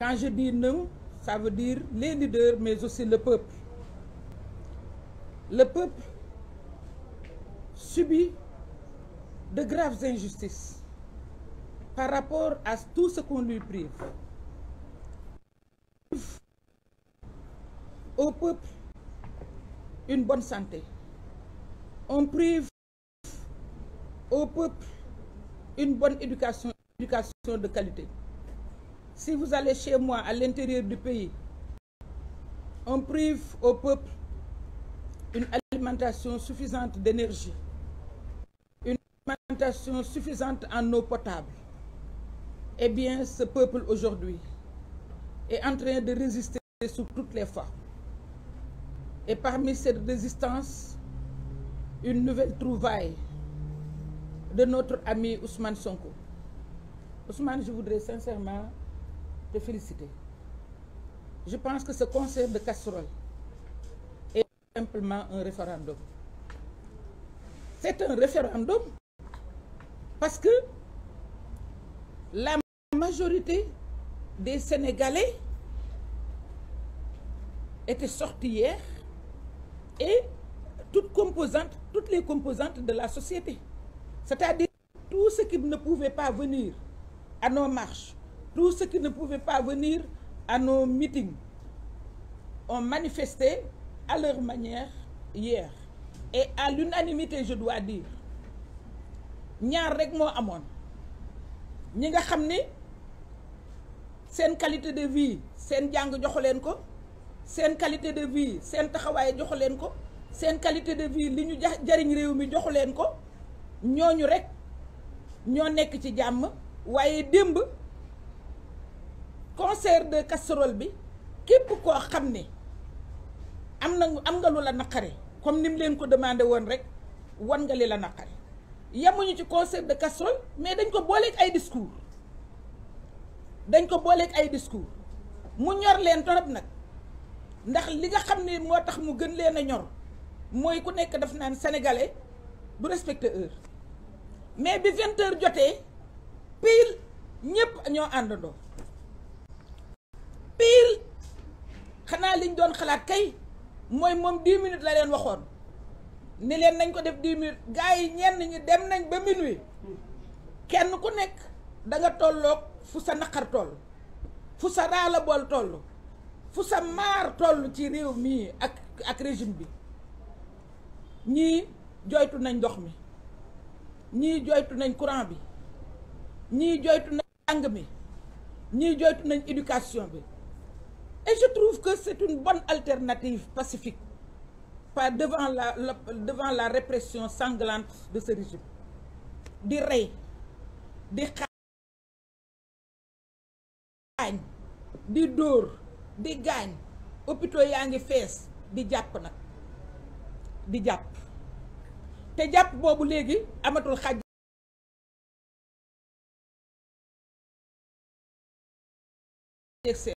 Quand je dis nous, ça veut dire les leaders, mais aussi le peuple. Le peuple subit de graves injustices par rapport à tout ce qu'on lui prive. Au peuple, une bonne santé. On prive au peuple une bonne éducation de qualité. Si vous allez chez moi, à l'intérieur du pays, on prive au peuple une alimentation suffisante d'énergie, une alimentation suffisante en eau potable, eh bien, ce peuple aujourd'hui est en train de résister sous toutes les formes. Et parmi cette résistance, une nouvelle trouvaille de notre ami Ousmane Sonko. Ousmane, je voudrais sincèrement te féliciter. Je pense que ce conseil de casserole est simplement un référendum. C'est un référendum parce que la majorité des Sénégalais était sortie hier et toutes toutes les composantes de la société. C'est-à-dire tout ce qui ne pouvait pas venir à nos marches, tous ceux qui ne pouvaient pas venir à nos meetings ont manifesté à leur manière hier. Et à l'unanimité, je dois dire, ñaar rek moo à ñi nga xam ni seen qualité de vie sen jang joxolen ko sen qualité de vie sen taxawaay joxolen ko sen qualité de vie liñu jariñ réew mi ko ñoñu rek ño nek ci jamm waaye démb concert de casserole bi kep ko xamné amna am nga lu la comme nim leen ko demandé won rek won nga lila la yamuñu ci concert de casserole mais dañ ko booleeg ay discours dañ ko booleeg ay discours mu ñor leen torop nak ndax li nga xamné motax mu gën leen ñor moy ku nekk daf naan sénégalais bu respecte heure mais bi 20h jotté Pil ñepp ñoo àndandoo pil xana liñ doon xalaat kay moy mom 10 minutes la leen waxoon ni leen nañ ko def 10 minutes gaay ñen ñi dem nañ ba minuit kenn ku nekk da nga tollok fu sa nakar toll fu sa raala bol toll fu sa mar toll ci rew mi ak ak régime bi ñi joytu nañ dox mi ñi joytu nañ courant bi ni joytu nañ jàng joytu nañ éducation et je trouve que c'est une bonne alternative pacifique pas devant la, devant la répression sanglante de ce régime di rey di xaañ di dóor di gaañ hôpitaux yaa ngi des di des nag di jàpp te jàpp boobu léegi amatul xaj Yes, sir.